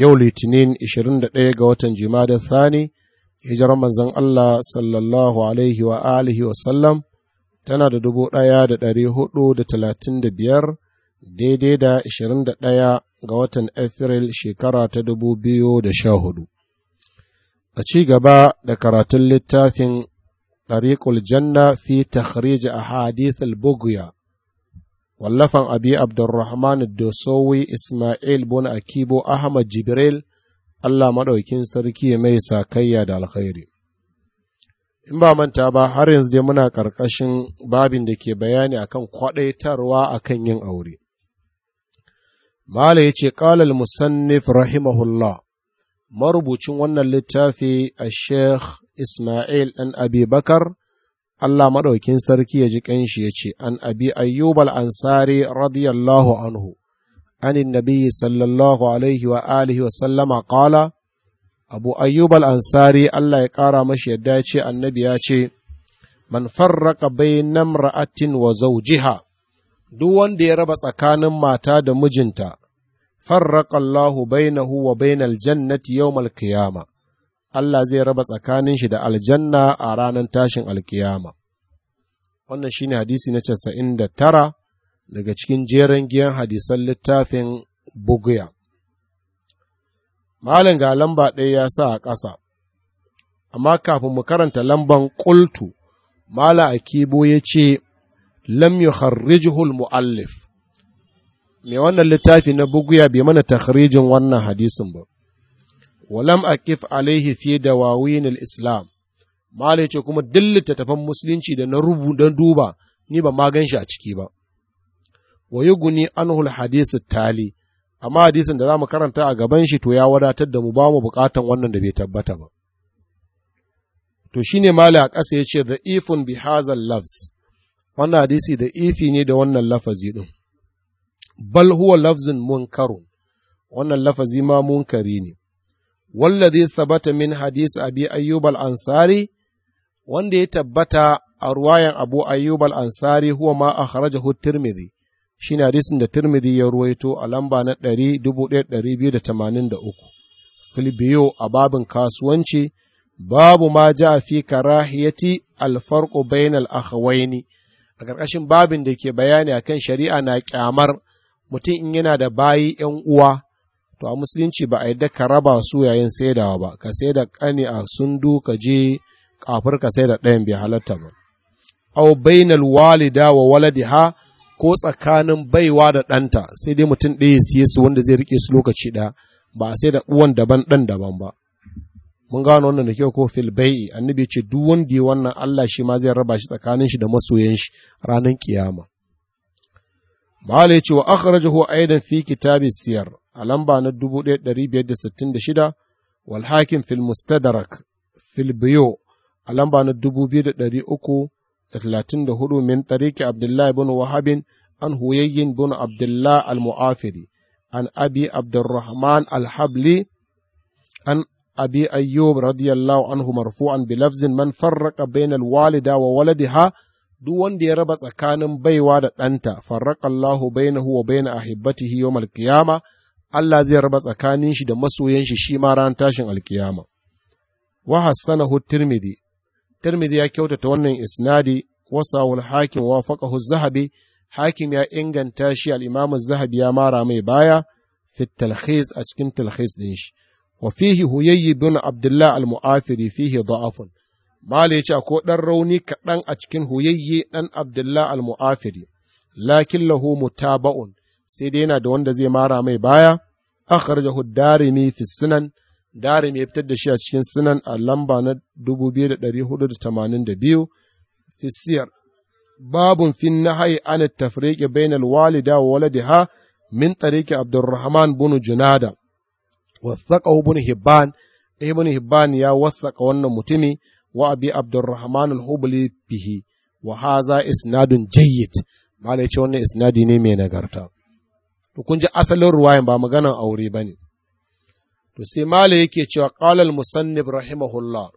yau litinin 21 ga watan da thani hijiran manzon Allah sallallahu alaihi wa alihi wa tana da dubu ɗaya da ɗari hudu da talatin da biyar daidai da ishirin da ɗaya ga watan Afril shekara ta dubu biyu da sha hudu. A ci gaba da karatun littafin ɗariƙul janna fi takhriji a hadith al-buguya wallafan abi abdurrahman dosowi ismail bin akibo ahmad jibril allah maɗaukin sarki mai sakayya da alkhairi in ba manta ba har yanzu dai muna ƙarƙashin babin da ke bayani akan kwaɗaitarwa akan yin aure Mala ya ce, Ƙalal Musannif rahimahullah, marubucin wannan littafi a Sheikh Ismail ɗan Abi Bakar Allah maɗaukin sarki ya ji ƙanshi ya ce, An abi ayyubal ansari radiyallahu anhu, anin nabiyyi sallallahu alaihi wa alihi wa sallama ƙala, Abu ayyubal ansari Allah ya ƙara mashi yadda ce annabi ya ce, Man farraka bai namra'atin wa zaujiha, duk wanda ya raba tsakanin mata da mijinta, farraka Allahu bainahu wa bainal jannati yawmal kiyama Allah zai raba tsakanin shi da aljanna a ranar tashin alkiyama. Wannan shi ne hadisi na casa'in da tara daga cikin jeren giyan hadisan littafin Buguya. Malin ga lamba ɗaya ya sa a ƙasa, amma kafin mu karanta lamban ƙultu, Mala Akibo ya ce, Lam yukharrijhul mu'allif. Mai wannan littafi na buguya bai mana takhrijin wannan hadisin ba. walam aqif alaihi fi dawawin al-islam malai ce kuma duk littattafan musulunci da na rubu duba ni ba ma shi a ciki ba wa yuguni anhul hadisi tali amma hadisin da za mu karanta a gaban shi to ya wadatar da mu ba mu bukatan wannan da bai tabbata ba to shine malai a ƙasa yace da ifun bi hazal lafz wannan da ifi ne da wannan lafazi din bal huwa lafzun munkarun wannan lafazi ma munkari ne wallazi sabata min hadis abi ayyub al-ansari wanda ya tabbata a ruwayan abu ayyub ansari huwa ma akhrajahu tirmidhi shine hadisin da tirmidhi ya ruwaito a lamba na 1283 filbiyo a babin kasuwanci babu ma ja fi karahiyati alfarƙo bainal akhawaini a ƙarƙashin babin da ke bayani akan shari'a na ƙyamar mutum in yana da bayi ‘yan uwa to a musulunci ba a yadda ka raba su yayin saidawa ba ka saida kani a sundu ka je kafir ka saida ɗayan bai halatta ba aw bainal walida wa waladiha ko tsakanin baiwa da ɗanta sai dai mutum ɗaya siye su wanda zai rike su lokaci ɗaya ba a sai da uwan daban ɗan daban ba mun gano wannan da kyau ko fil bai'i annabi ce duk wanda ya wannan Allah shi ma zai raba shi tsakanin shi da masoyan shi ranar kiyama ya ce wa akhrajahu aidan fi kitabi siyar a lamba na 1566 wal hakim fil mustadrak fil biyo a lamba na 2334 min tariki Abdullahi bin wahabin an huyayyin bin Abdullahi al-mu'afiri an abi abdurrahman al-habli an abi ayyub radiyallahu anhu marfu'an bi lafzin man farraqa bayna al-walida wa waladiha duk wanda ya raba tsakanin baiwa da ɗanta farraqa Allahu bainahu wa baina ahibbatihi yawmal qiyamah Allah zai raba tsakanin shi da masoyan shi shi ma ran tashin alkiyama. Wa hassanahu Tirmidhi. Tirmidhi ya kyautata wannan isnadi wasawul hakim wa faqahu zahabi hakim ya inganta shi al-imamu zahabi ya mara mai baya fi talhis a cikin talhis din shi. Wa fihi huyayyi bin Abdullah al-Mu'afiri fihi da'afun. Mala ya ce ko ɗan rauni kaɗan a cikin huyayyi ɗan Abdullah al-Mu'afiri, lakin lahu mutaba'un. sai dai yana da wanda zai mara mai baya akhrajahu ne fi sunan dare ya fitar da shi a cikin sunan a lamba na 2482 fi siyar babun fi nahyi an at-tafriq walida wa waladiha min tariq Abdurrahman bin Junada wathaqahu bin Hibban ibn Hibban ya wasaƙa wannan mutumi wa abi Abdurrahman al-Hubli bihi wa haza isnadun jayyid malai ce wannan isnadi ne mai nagarta to kun ji asalin ruwayan ba maganan aure ba ne. To sai Mala yake cewa ƙalal musannif rahimahullah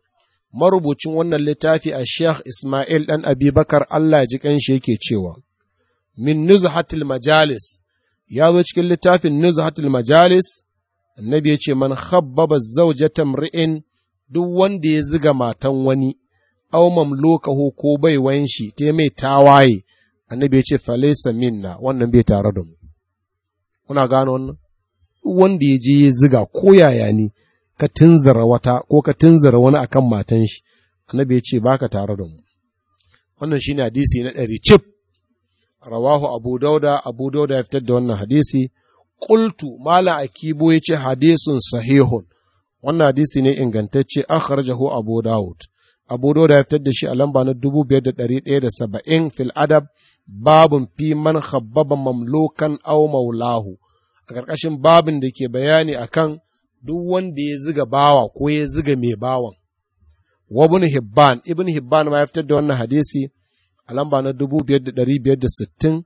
marubucin wannan littafi a Sheikh Ismail ɗan Abibakar Allah ji ƙanshi yake cewa min nuzhatil majalis ya zo cikin littafin nuzhatil majalis annabi ya ce man khabbaba zawjata mri'in duk wanda ya ziga matan wani aw mamlukahu ko baiwan shi te mai tawaye annabi ya ce falaysa minna wannan bai tare da mu kuna gano wannan wanda ya je ya ziga ko yaya ni ka tunzara wata ko ka tunzara wani akan matan shi annabi ya ce baka tare da mu wannan shine hadisi na ɗari cif rawahu abu dauda abu dauda ya fitar da wannan hadisi qultu mala akibo ya ce hadisun sahihun wannan hadisi ne ingantacce akhrajahu abu daud abu dauda ya fitar da shi a lamba na 5170 fil adab babun fi man khabbaba mamlukan aw maulahu a ƙarƙashin babin da ke bayani akan duk wanda ya ziga bawa ko ya ziga mai bawan wa ibn hibban ibn hibban ma ya fitar da wannan hadisi a lamba na 5560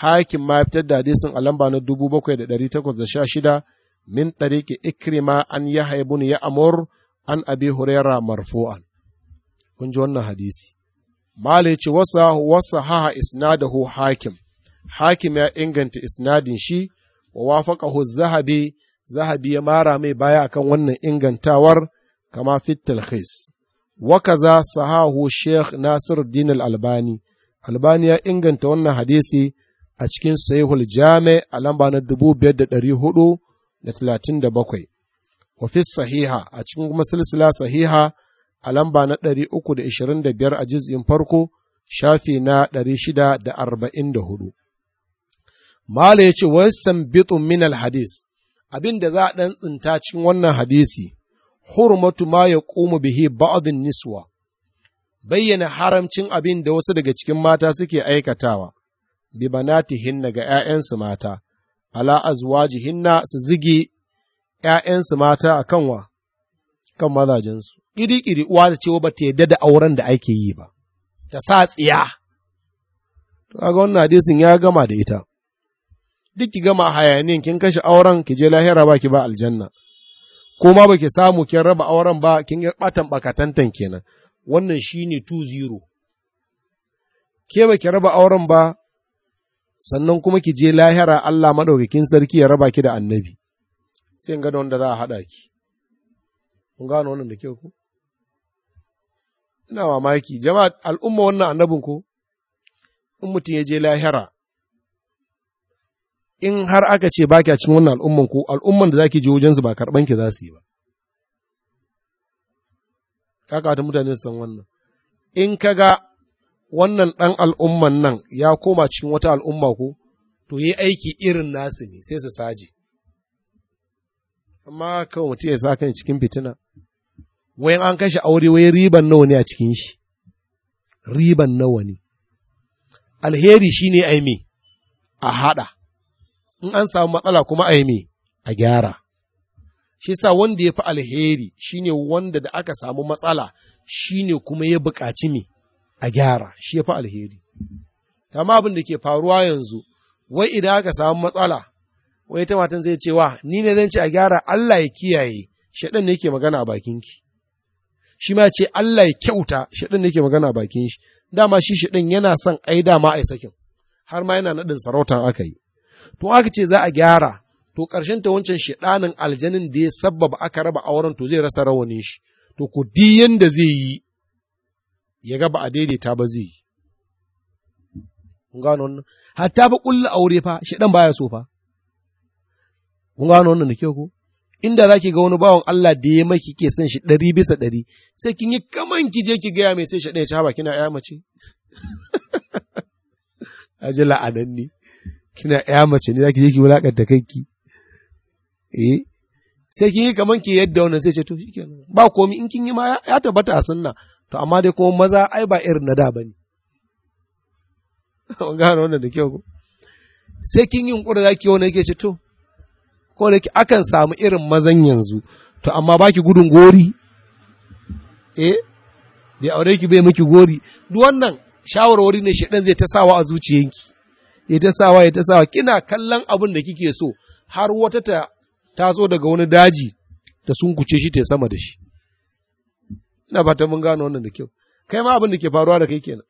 hakim ma ya fitar da hadisin a lamba na shida, min tariqi ikrima an yahya ibn ya'mur an abi huraira marfu'an kun ji wannan hadisi Mala ce wasa wasa haha isnadahu hakim, hakim ya inganta isnadin shi wa wafaqahu zahabi, zahabi ya mara mai baya akan wannan ingantawar kama fit talhis. Wa kaza sahahu Sheikh Nasir Din albani Albani ya inganta wannan hadisi a cikin Sahihul Jami a lamba na da Wa fi sahiha a cikin kuma silsila sahiha a lamba na ɗari uku da ishirin da biyar a jiz'in farko shafi na ɗari shida da arba'in da hudu. Mala ya ce, Wasan bitun minal hadis, abin da za a ɗan tsinta cikin wannan hadisi, hurmatu ma ya ƙumu bihi ba'adun niswa, bayyana haramcin abin da wasu daga cikin mata suke aikatawa, bi hinna ga ’ya'yansu mata, ala hinna su zigi ’ya'yansu mata a kanwa, kan mazajensu. ƙiri-ƙiri uwa da cewa ba ta yadda da auren da ake yi ba, ta sa tsiya. Kaga wannan hadisin ya gama da ita. Duk ki gama hayaniyan kin kashe auren ki je lahira ba ki ba aljanna. Ko ma ba ki samu kin raba auren ba kin yi ɓatan ɓakatantan kenan. Wannan shi ne 2-0. Ke baki raba auren ba sannan kuma ki je lahira Allah maɗaukakin sarki ya raba ki da annabi. Sai in gada wanda za a haɗa ki. Kun gano wannan da ke ku? ina mamaki jama'a al'umma wannan annabin ko in mutum ya je lahira in har aka ce ba kya cin wannan al'umman ko al'umman da zaki je su ba karɓan ki za su yi ba kaka ta mutane san wannan in ka ga wannan ɗan al'umman nan ya koma cikin wata al'umma ko to yi aiki irin nasu ne sai su saji. amma kawai mutum ya sa kan cikin fitina wai an kashe aure wai riban nawa ne a cikin shi riban nawa ne alheri shine ai me a hada in an samu matsala kuma ai me a gyara shi sa wanda ya fi alheri shine wanda da aka samu matsala shine kuma ya buƙaci me a gyara shi ya fi alheri amma abin da ke faruwa yanzu wai idan aka samu matsala wai ta matan zai cewa ni ne zan ce a gyara Allah ya kiyaye shaɗan ne yake magana a bakinki shi ma ce Allah ya kyauta shaɗin yake magana bakin shi dama shi shaɗin yana son ai dama ai sakin har ma yana naɗin sarautan aka yi to aka ce za a gyara to ƙarshen ta wancan shaɗanin aljanin da ya sabbaba aka raba auren to zai rasa rawanin shi to ku di yanda zai yi ya ga a daidaita ba zai yi kun gano wannan hatta ba aure fa shaɗan baya so fa kun wannan da kyau ko inda za ki ga wani bawan Allah da ya maki ke son shi ɗari bisa ɗari sai kin yi kaman ki je ki gaya mai sai shi ɗaya haba kina ya mace ji la'anan ne kina ya mace ne za ki je ki da kanki eh sai kin yi kaman ki yadda wannan sai ce to shikenan ba komi in kin yi ma ya tabbata a sunna to amma dai kuma maza ai ba irin na da ne. an gane wannan da kyau ko sai kin yi yunkuri za ki yi wani yake ce to ko da akan samu irin mazan yanzu to amma baki gudun gori eh bai aure ki bai maki gori duk wannan shawarwari ne shedan zai ta sawa a zuciyanki ya ta sawa ya ta sawa kina kallon abin da kike so har wata ta taso daga wani daji ta sunkuce shi ta sama da shi ina fata mun gano wannan da kyau kai ma abin da ke faruwa da kai kenan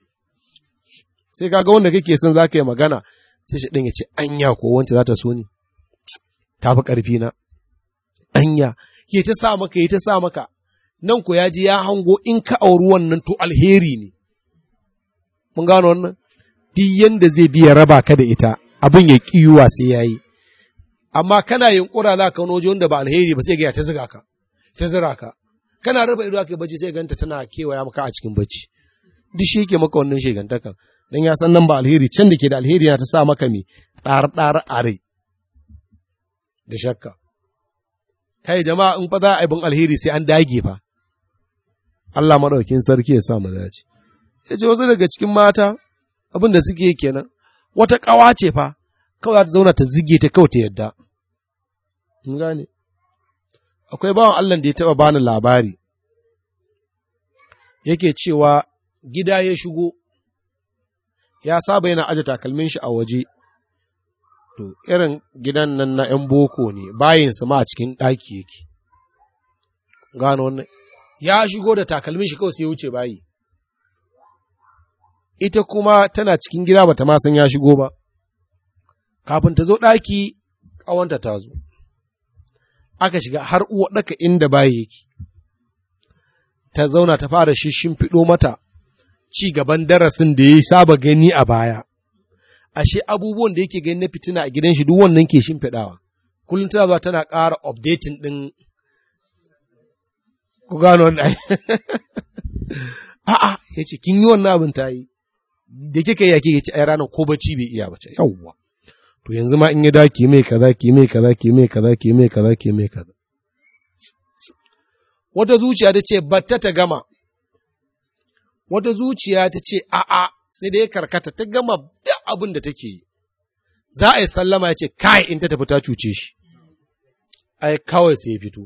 sai kaga wanda kake son zaka yi magana sai shi ya ce anya ko wanda za ta so ni ta fi ƙarfi na. Anya, ke ta sa maka, ya ta sa maka, nan ku ya ji ya hango in ka auri wannan to alheri ne. Mun gano wannan? Duk yanda zai biya raba ka da ita, abin ya ƙiyuwa sai ya yi. Amma kana yunƙura za ka wajen wanda ba alheri ba sai ga ya ta zira ka, ta zira ka. Kana raba ido ake bacci sai ganta tana kewaya maka a cikin bacci. Duk shi ke maka wannan gantakan. Dan ya san nan ba alheri can da ke da alheri yana ta sa maka me ɗar-ɗar are. da shakka. Kai jama'a in fa a yi bin alheri sai an dage fa. Allah maɗaukin sarki ya sa mu dace. Ya ce wasu daga cikin mata abin da suke kenan, wata ƙawa ce fa, kawai za ta zauna ta zige ta kawai ta yadda. In gane. Akwai bawan Allah da ya taɓa bani labari, yake cewa gida ya shigo, ya saba yana aje takalmin shi a waje, to irin gidan nan na ‘yan boko ne bayinsu ma a cikin ɗaki yake gano wannan ya shigo da takalmin shi kawai sai wuce bayi ita kuma tana cikin gida bata ma san ya shigo ba kafin ta zo ɗaki ƙawanta ta zo aka shiga har uwa ɗaka inda bayi yake ta zauna ta fara shimfiɗo mata ci gaban darasin da ya saba gani a baya ashe abubuwan da yake gani na fitina a gidan shi duk wannan ke shimfiɗawa kullum tana zuwa tana ƙara updating din. ku gano wannan a'a ya ce kin yi wannan abin tayi da kike ya kike ci ai ranar ko bacci bai iya bace yawwa to yanzu ma in ya da ki mai kaza ki mai kaza ki mai kaza ki mai kaza ki mai kaza wata zuciya ta ce batta ta gama wata zuciya ta ce a'a sai dai karkata ta gama duk abin da take yi za a yi sallama ya ce kai in ta tafi ta cuce shi ai kawai sai ya fito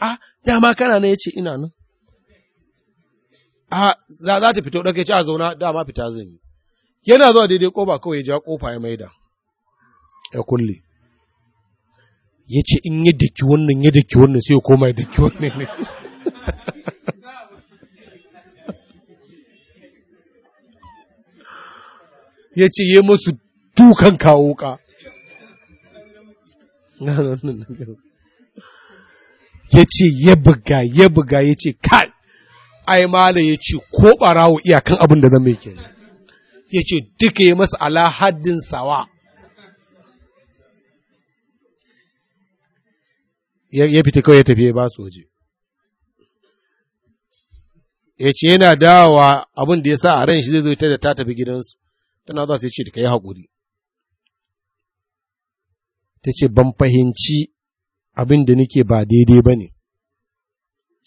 a ah, dama kana na ya ce ina nan ah, a za ta fito ɗauke ya ce a zauna dama fita zan yi yana zuwa daidai ƙofa kawai ya ja ƙofa ya maida ya kulle ya ce in ya daki wannan ya daki wannan sai ya koma ya daki wannan ne ya ce ya masu dukan kawo ka. Ya ce ya buga ya buga ya ce kai, ai mala ya ce ko ɓarawo iyakan abin da zama yake. Ya ce duka ya masa ala sawa. Ya fita kawai ya tafi ya ba su waje. ya ce yana dawa abin da ya sa a ran shi zai zo ta da ta tafi gidansu tana za su ce da ka yi haƙuri ta ce ban fahimci abin da nake ba daidai ba ne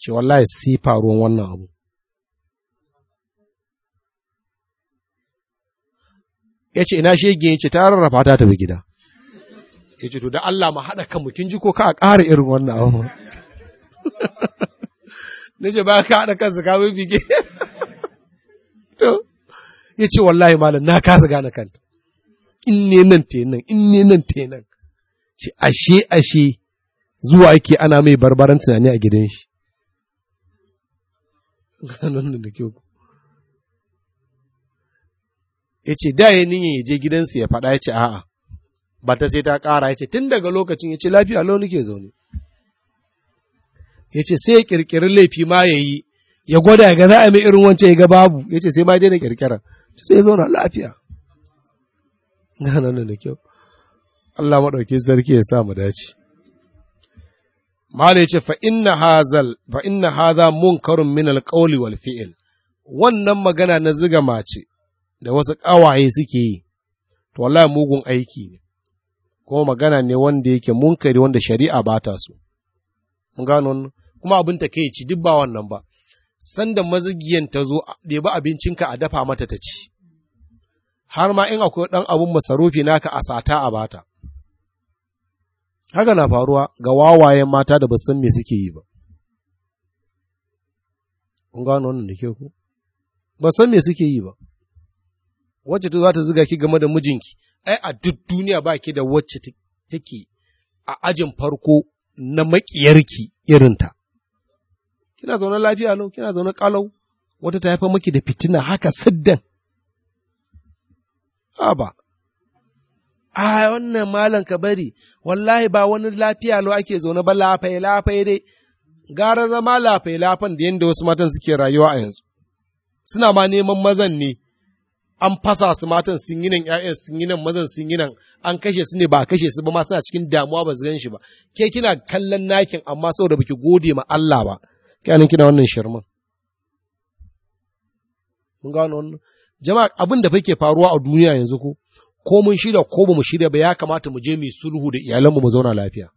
ce wallahi sai faruwan wannan abu ya ce ina shege ya ce ta rafa ta tafi gida ya ce to da Allah ma haɗa kan mutum ji ko ka ƙara irin wannan abu na ce ba ka haɗa kansa ka bige to ya ce wallahi malam na kasa gane kanta in ne nan te nan in ne nan te nan ce ashe ashe zuwa ake ana mai barbaran tunani a gidan shi ya ce da ya niyan ya je gidansa ya faɗa ya ce a'a ba ta sai ta ƙara ya ce tun daga lokacin ya ce lafiya lau nake zaune ya ce sai ya ƙirƙiri laifi ma ya yi ya gwada ya ga za a mai irin wancan ya ga babu ya ce sai ma daina ƙirƙirar sai zauna lafiya gana nan da kyau Allah maɗauki sarki ya sa mu dace Mala yace fa inna hazal fa mun hadha min alqawli wal fi'il wannan magana na ziga mace da wasu ƙawaye suke yi to wallahi mugun aiki ne kuma magana ne wanda yake munkari wanda shari'a ba ta so mun gano kuma abin ta kai ci duk ba wannan ba sanda mazigiyan ta zo ɗebi abincinka a dafa mata ta ci, har ma in akwai ɗan abun masarufi naka a sata a bata. Haka na faruwa ga wawayen mata da ba san me suke yi ba. Kun gano wannan da ke ku? Ba san me suke yi ba. Wacce ta za ta ziga ki game da mijinki, ai a duk duniya ba ki da wacce take a ajin farko na maƙiyarki irinta. kina zaune lafiya lau kina zaune kalau wata ta haifar maki da fitina haka siddan ba a wannan malam ka bari wallahi ba wani lafiya lo ake zaune ba lafai lafai dai gara zama lafai lafan da yadda wasu matan suke rayuwa a yanzu suna ma neman mazan ne an fasa su matan sun yi nan ƴaƴan sun yi nan mazan sun yi nan an kashe su ne ba kashe su ba ma suna cikin damuwa ba su gan shi ba ke kina kallon nakin amma saboda biki gode ma Allah ba kyanin kina wannan shirman mun gano wannan jama'a abin da fake faruwa a duniya yanzu ko ko mun shirya ko ba mu shirya ba ya kamata mu je mu sulhu da iyalanmu mu zauna lafiya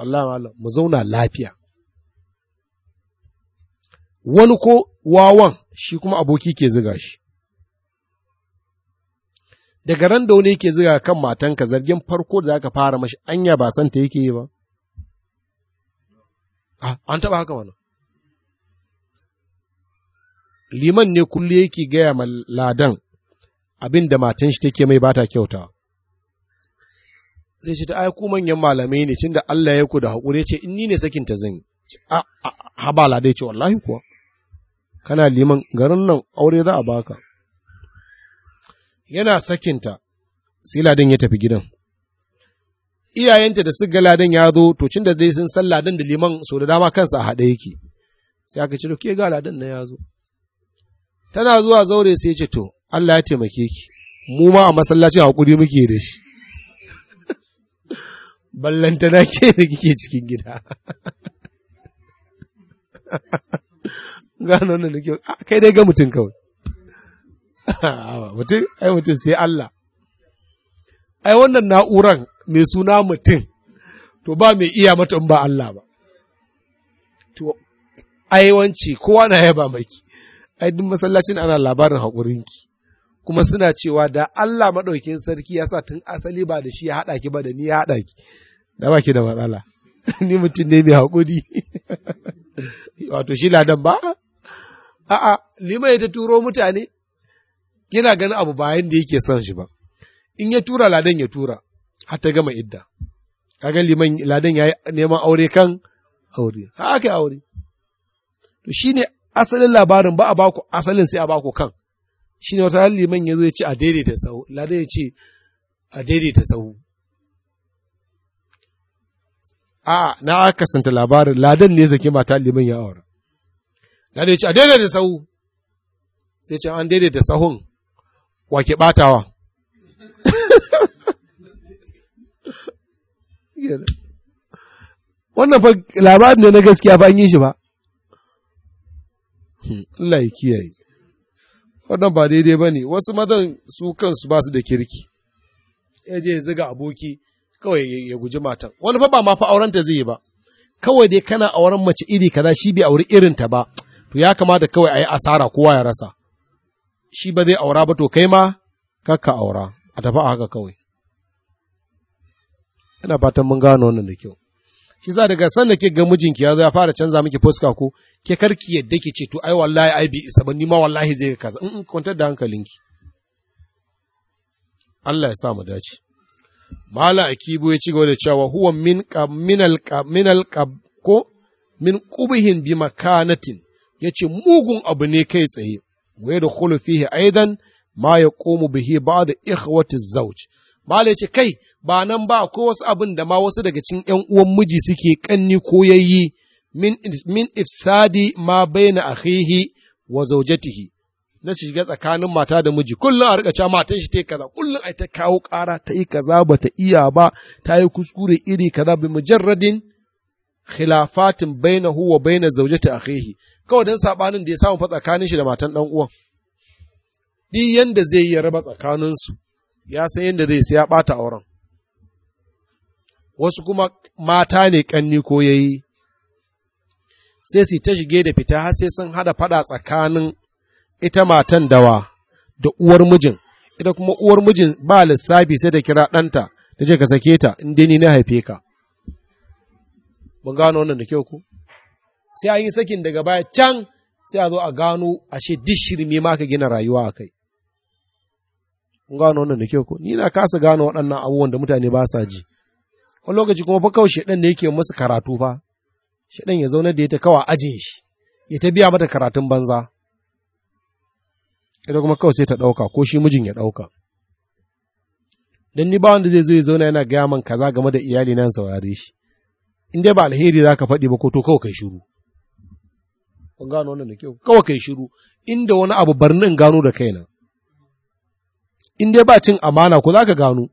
Allah mu zauna lafiya wani ko wawan shi kuma aboki ke ziga shi daga ran da wani yake ziga kan matanka zargin farko da zaka fara mashi anya ba san ta yake yi ba Ah, an taɓa haka mana liman ne kulle yake gaya ma ladan abin da matan shi take mai bata kyauta sai shi ta ai ku manyan malamai ne tunda Allah ya ku da haƙuri ce in ni ne sakin ta zan a ah, ah, haba ladai ce wallahi kuwa kana liman garin nan aure za a baka yana sakinta sai ladan ya tafi gidan iyayenta da su ladan ya zo to cin da dai sun san ladan da liman so da dama kansa a haɗe yake sai aka ce ke ga ladan na ya zo tana zuwa zaure sai ce to Allah ya taimake ki mu ma a masallacin hakuri muke da shi ballanta na ke da kike cikin gida gano nan da kyau ah, kai dai ga mutum kawai mutum ai mutum sai Allah ai wannan na'uran mai suna mutum, to ba mai iya mata ba Allah ba. To, aiwanci kowa na yaba maki, ai duk masallacin ana labarin haƙurinki, kuma suna cewa da Allah maɗaukin sarki ya sa tun asali ba da shi ya haɗa ki ba da ni ya haɗa ki, da ba ki da matsala, ni mutum ne mai haƙuri. Wato shi ladan ba? A'a, liman ta turo mutane, yana ganin abu bayan da yake son shi ba, in ya tura ladan ya tura, har ta gama idda kaga liman ladan yayi neman aure kan aure ha aka aure to shine asalin labarin ba a baku asalin sai a baku kan shine wata liman yazo ya ce a daidaita sahu ladan ya ce a daidaita sahu a na aka santa labarin ladan ne zake mata liman ya aure ladan ya ce a daidaita sahu sai ce an daidaita sahun wake batawa wannan fa labarin ne na gaskiya fa an yi shi ba hmm, Allah ya kiyaye wannan ba daidai ba ne wasu mazan su kansu ba su da kirki ya je ziga aboki kawai ya guji matan wani fa ba ma fa auren ta zai yi ba kawai dai kana auren mace iri kaza shi bai auri irin ta ba to ya kamata kawai a yi asara kowa ya rasa shi ba zai aura ba to kai ma kakka aura a tafi a haka kawai ina fatan mun gano wannan da kyau shi za daga san da ke ga mijinki ya zo ya fara canza miki fuska ko ke karki yadda ke ce to ai wallahi ai bi isa ba ni ma wallahi zai ka kaza in kwantar da hankalinki Allah ya sa mu dace mala akibu ya ci gaba da cewa huwa min minal minal ko min qubihin bi makanatin yace mugun abu ne kai tsaye wa yadkhulu fihi aidan ma yaqumu bihi ba'd ikhwati zawj Mala ce kai ba nan ba ko wasu abin da ma wasu daga cikin ‘yan uwan miji suke ƙanni ko yayi min ifsadi ma na akhihi wa zaujatihi na shiga tsakanin mata da miji kullum a riƙa cewa matan shi ta yi kaza kullum ai ta kawo ƙara ta yi kaza ba ta iya ba ta yi kuskure iri kaza bi mujarradin khilafatin bainahu wa baina zaujati akhihi kawai dan sabanin da ya samu fa tsakanin shi da matan dan uwan duk yanda zai yi raba tsakanin su ya san yadda zai sai bata auren wasu kuma mata ne ƙanni ko ya yi sai su ta shige da fita har sai sun hada fada tsakanin ita matan dawa da uwar mijin ita kuma uwar mijin ba lissafi sai ta kira danta ta ce ka sake ta in ni na haife ka mun gano wannan da kyau ku sai an yi sakin daga baya can sai a zo a gano ashe duk shirme ka gina rayuwa a kai kun gano wannan da kyau ko ni na kasa gano waɗannan abubuwan da mutane ba sa ji wani lokaci kuma fa kawai shaidan da yake musu karatu fa shaidan ya zauna da ya ta kawa ajin shi ya ta biya mata karatun banza ita kuma kawai sai ta ɗauka ko shi mijin ya ɗauka dan ni ba wanda zai zo ya zauna yana gaya man kaza game da iyali nan saurare shi in dai ba alheri za ka faɗi ba ko to kawai kai shiru kun gano wannan da kyau kawai kai shiru inda wani abu barnin gano da kaina in dai ba cin amana ko za ka gano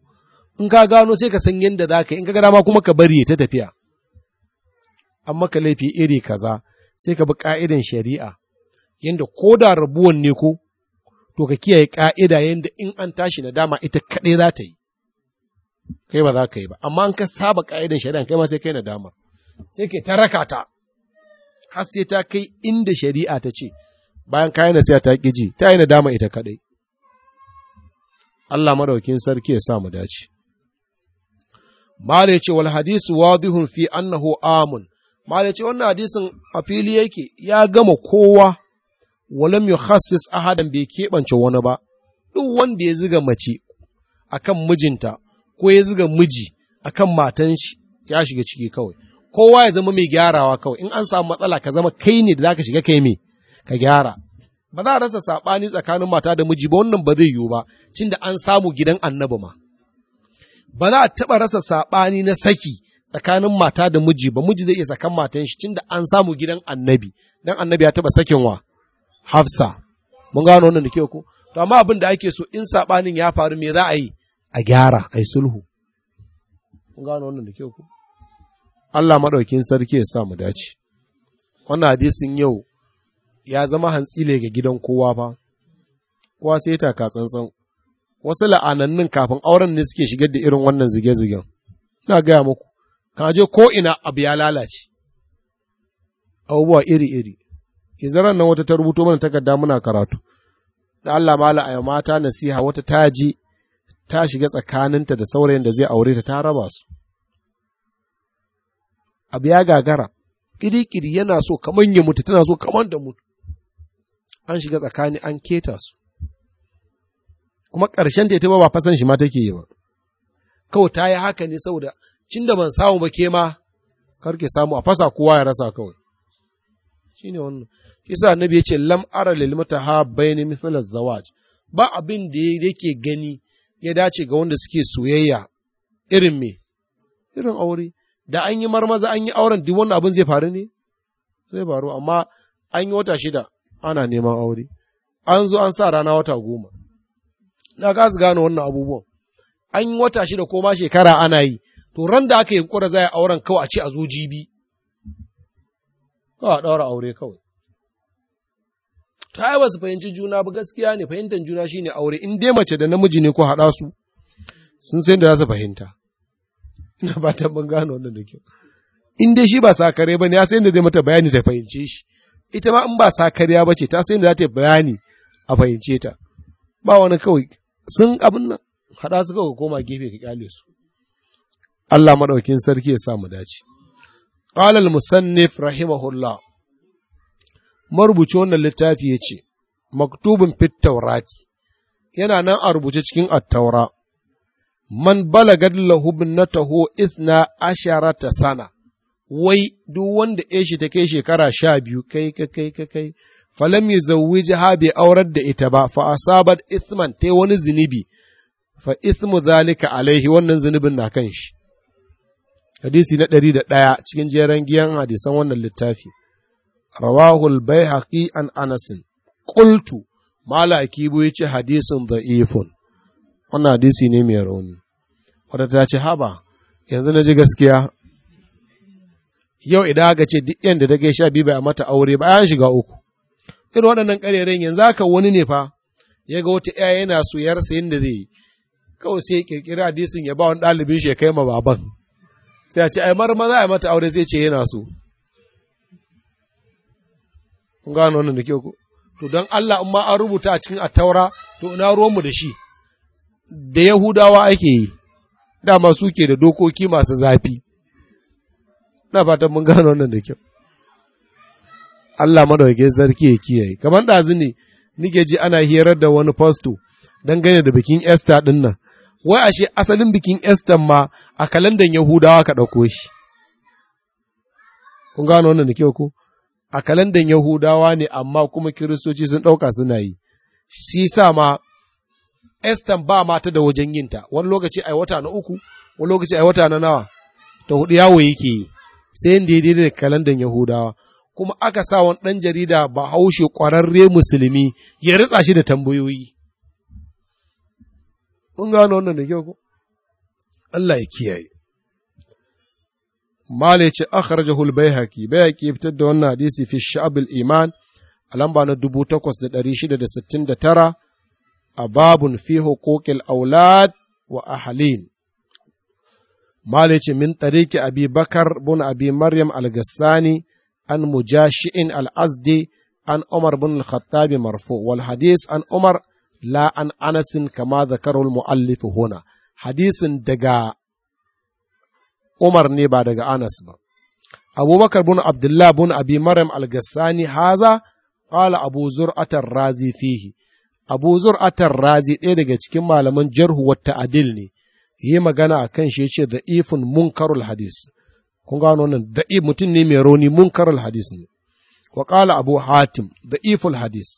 in ka gano sai ka san yadda za ka in ka gada ma kuma ka bari ta tafiya an maka laifi iri kaza sai ka bi ka'idan shari'a yadda ko da rabuwan ne ko to ka kiyaye ka'ida yadda in an tashi na dama ita kaɗai za ta yi kai ba za ka yi ba amma an ka saba ka'idan shari'a kai ma sai kai na dama sai kai ta raka ta har sai ta kai inda shari'a ta ce bayan kayan nasiha ta ƙiji ta yi na dama ita kaɗai Allah madaukin sarki ya sa mu dace Mare ce wal hadisu wadihun fi annahu amun mare ce wannan hadisin a fili yake ya gama kowa walam yukhassis ahadan bai keɓance wani ba duk wanda ya ziga mace akan mijinta ko ya ziga miji akan matan shi ya shiga ciki kawai kowa ya zama mai gyarawa kawai in an samu matsala ka zama kai ne da zaka shiga kai me ka gyara ba za a rasa saɓani tsakanin mata da miji ba wannan ba zai yiwu ba cin da an samu gidan annabi ma ba za a taɓa rasa saɓani na saki tsakanin mata da miji ba miji zai iya sakan matan shi cin da an samu gidan annabi dan annabi ya taɓa sakin wa hafsa mun gano wannan da ke ko to amma abin da ake so in saɓanin ya faru me za a yi a gyara a yi sulhu mun gano wannan da ke ko Allah maɗaukin sarki ya sa mu dace wannan hadisin yau ya zama hantsile ga gidan kowa fa, kowa sai ta ka tsantsan. Wasu la'anannin kafin auren ne suke shigar da irin wannan zige-zigen, na gaya muku, kan je ko'ina abu ya lalace, abubuwa iri-iri, izaran nan wata ta rubuto mana takarda muna karatu, da Allah mala a mata nasiha wata ta ji ta shiga tsakaninta da saurayin da zai aure ta ta raba su. Abu ya gagara, ƙiri yana so kaman ya mutu, tana so kaman da mutu. an shiga tsakani an keta su kuma ƙarshen ta ita ba fasan shi ma take yi ba kawai ta yi haka ne saboda cin da ban samu ba ke ma karke samu a fasa kowa ya rasa kawai Shi ne wannan shi sa annabi ce lam ara lil mutahabbaini mithl az-zawaj ba abin da yake gani ya dace ga wanda suke soyayya irin me irin aure da an yi marmaza an yi auren duk wannan abin zai faru ne zai faru amma an yi wata shida ana neman aure an zo an sa rana wata goma na su gane wannan abubuwan an yi wata shida ko ma shekara ana yi to ran da aka yi kura za a auren kawai a ce a zo jibi kawai a ɗaura aure kawai ta yi ba su fahimci juna ba gaskiya ne fahimtar juna shine aure in dai mace da namiji ne ko haɗa su sun san da za su fahimta ina ba ta mun gano wannan da kyau in dai shi ba sakare ba ne ya san da zai mata bayani ta fahimce shi ita ma in ba sa kariya ba ce ta sai da za ta bayani a fahimce ta ba wani kawai sun abin nan haɗa su kawai koma gefe ka kyale su Allah maɗaukin sarki ya sa mu dace qala al musannif rahimahullah marubuci wannan littafi ya ce maktubin fit taurati yana nan a rubuce cikin attaura man balagat lahu ithna asharata sana wai duk wanda ya shi ta kai shekara sha biyu kai ka kai ka kai falam ya zauwi jiha bai aurar da ita ba fa asabat ithman ta wani zunubi fa ithmu zalika alaihi wannan zunubin na kan shi hadisi na ɗari da ɗaya cikin jeren giyan hadisan wannan littafi rawahul bai haƙi an anasin ƙultu malaki bu hadisin da'ifun wannan hadisi ne mai rauni wadda ta ce haba yanzu na ji gaskiya yau idan aka ce duk yadda ta sha biyu bai mata aure ba ya shiga uku irin waɗannan ƙarerayen yanzu haka wani ne fa ya ga wata ƴa yana so yar sayin da zai kawai sai ya kirkiri hadisin ya ba wani ɗalibin shi ya kai ma baban sai a ce ai mar maza a mata aure zai ce yana so kun gano wannan da ke ku to don Allah in ma an rubuta a cikin attaura to ina ruwanmu da shi da Yahudawa ake yi dama ke da dokoki masu zafi na fatan mun gano wannan da kyau Allah madawake sarki ya kiyaye kamar ɗazu ne nike ji ana hirar da wani fasto don gane da bikin Esther ɗin nan wai ashe asalin bikin Esther ma a kalandan Yahudawa ka ɗauko shi kun gano wannan da kyau ko a kalandan Yahudawa ne amma kuma Kiristoci sun ɗauka suna yi shi sa ma Esther ba mata da wajen yinta wani lokaci ai wata na uku wani lokaci ai wata na nawa ta hudu yawo yake yi sai yin daidai da kalandan yahudawa kuma aka sa wani ɗan jarida ba haushe ƙwararre musulmi ya ritsa shi da tambayoyi kun gano wannan da kyau ko Allah ya kiyaye Mala ce akhrajahu bai baihaqi bai ya fitar da wannan hadisi fi Sha'ab iman a lamba na dubu takwas da da da shida sittin tara a babun fi huquqil aulad wa ahlin Mala ce min tariki abi bakar bin abi maryam al-gassani an mujashi'in al-azdi an umar bin al-khattabi marfu wal an umar la anasin kama zakarul muallif huna hadisin daga umar ne ba daga anas ba abubakar bin abdullah bin abi maryam al-gassani haza qala abu zur'atar razi fihi abu ɗaya daga cikin malaman jarhu wa ta'dil ne yi magana a kan shi ya ce da ifin munkarul hadis kun gano nan da mutum ne mai rauni munkarul hadis ne wa qala abu hatim da iful hadis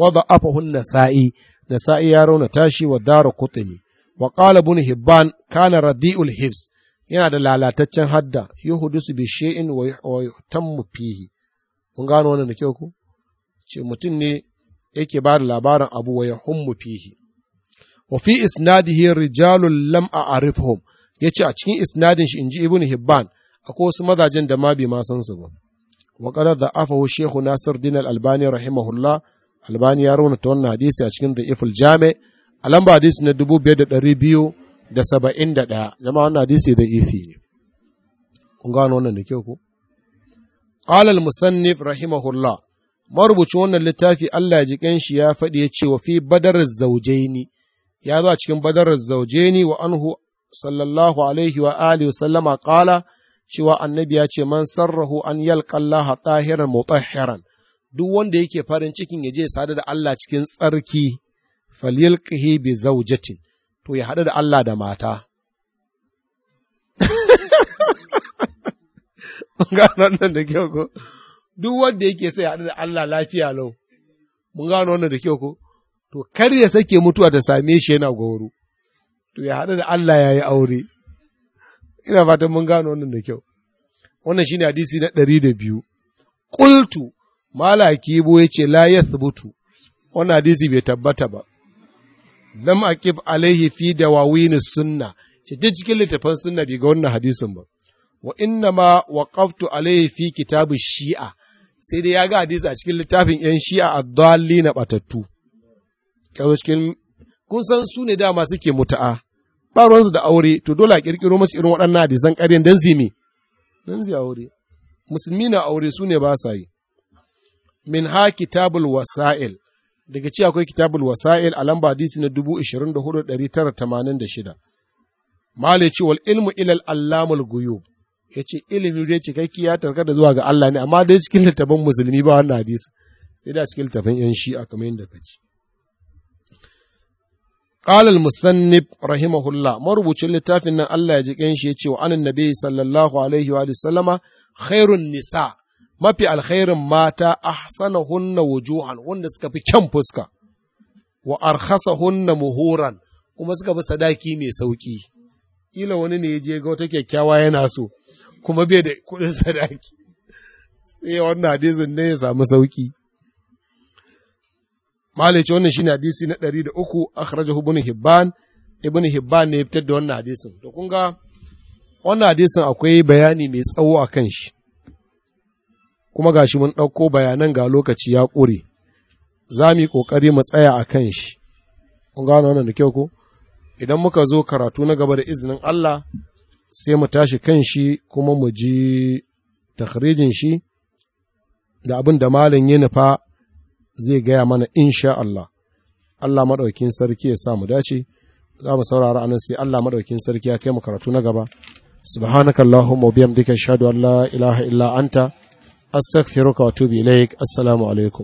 wa da afahun nasa'i nasa'i ya rauna tashi wa dara qutni wa qala ibn hibban kana radi'ul hibs yana da lalataccen hadda yuhdisu bi shay'in wa yuhtammu fihi Kun gano wannan da kyau ku ce mutum ne yake ba da labarin abu wa yahummu fihi wa fi isnadihi rijalun lam ya ce a cikin isnadin shi in ji ibnu hibban akwai wasu mazajen da ma bai ma san su ba Waƙarar da afa da'afahu Shehu nasir din al-albani rahimahullah albani ya raunata wannan hadisi a cikin da iful jami a lamba hadisi na dubu 2271 jama'a wannan hadisi da ifi ne kun gano wannan da kyau ko Alal al-musannif rahimahullah marubucin wannan littafi Allah ya ji shi ya faɗi ya ce wa fi badar zaujaini ya zo a cikin badarar zaujeni wa anhu sallallahu alaihi wa alihi wa sallama kala cewa annabi ya ce man sarrahu an yalqallaha Allah tahiran mutahharan duk wanda yake farin cikin ya je sadu da Allah cikin tsarki falyalqihi bi zawjatin to ya hadu da Allah da mata gano nan da kyau ko duk wanda yake sai hadu da Allah lafiya lau mun gano wannan da kyau ko to kar ya sake mutuwa ta same shi yana gwauro, to ya haɗu da Allah ya yi aure, ina fatan mun gano wannan da kyau. Wannan shi ne hadisi na ɗari da biyu, ƙultu, malaki bo ya ce la ya wannan hadisi bai tabbata ba. Lam aqib alaihi fi dawawin sunna, ce duk cikin littafin sunna bai ga wannan hadisin ba. Wa inna ma waqaftu alaihi fi kitabu shi'a, sai dai ya ga hadisi a cikin littafin ‘yan shi'a addalli na ɓatattu. kawo cikin kun san su ne dama suke muta'a ba ruwansu da aure to dole a kirkiro masu irin waɗannan hadisan ƙaryan dan zimi dan zi aure musulmi na aure su ne ba sa yi min ha kitabul wasa'il daga ci akwai kitabul wasa'il a lamba hadisi na 24986 mala ce wal ilmu ilal allamul guyub yace ilimi dai cikakke ya tarka da zuwa ga Allah ne amma dai cikin littafin musulmi ba wannan hadisi sai da cikin littafin yan shi'a kamar yadda kace Ƙalal musannif rahimahullah marubucin littafin nan Allah ya ji ƙanshi ya ce wa anan nabi sallallahu alaihi wa sallama khairun nisa mafi alkhairin mata hunna wujuhan wanda suka fi kyan fuska wa hunna muhuran kuma suka fi sadaki mai sauki kila wani ne ya je ga wata kyakkyawa yana so kuma bai da kuɗin sadaki sai wannan hadisin ne ya samu sauki malice wannan shine hadisi na 103 akhrajahu ibn hibban ibn hibban ne fitar da wannan hadisin to kun ga wannan hadisin akwai bayani mai tsawo a kan shi kuma gashi mun ɗauko bayanan ga lokaci ya ƙure za mu yi ƙoƙari mu tsaya a kan shi kun gano wannan da kyau ko idan muka zo karatu na gaba da izinin Allah sai mu tashi kan shi kuma mu ji takhrijin shi da abin da malin ya nufa zai gaya mana insha Allah Allah maɗaukin sarki ya sa mu dace za mu saurara anan sai Allah maɗaukin sarki ya kai mu karatu na gaba subhanakallahumma wa bihamdika ashhadu an la ilaha illa anta astaghfiruka assalamu alaikum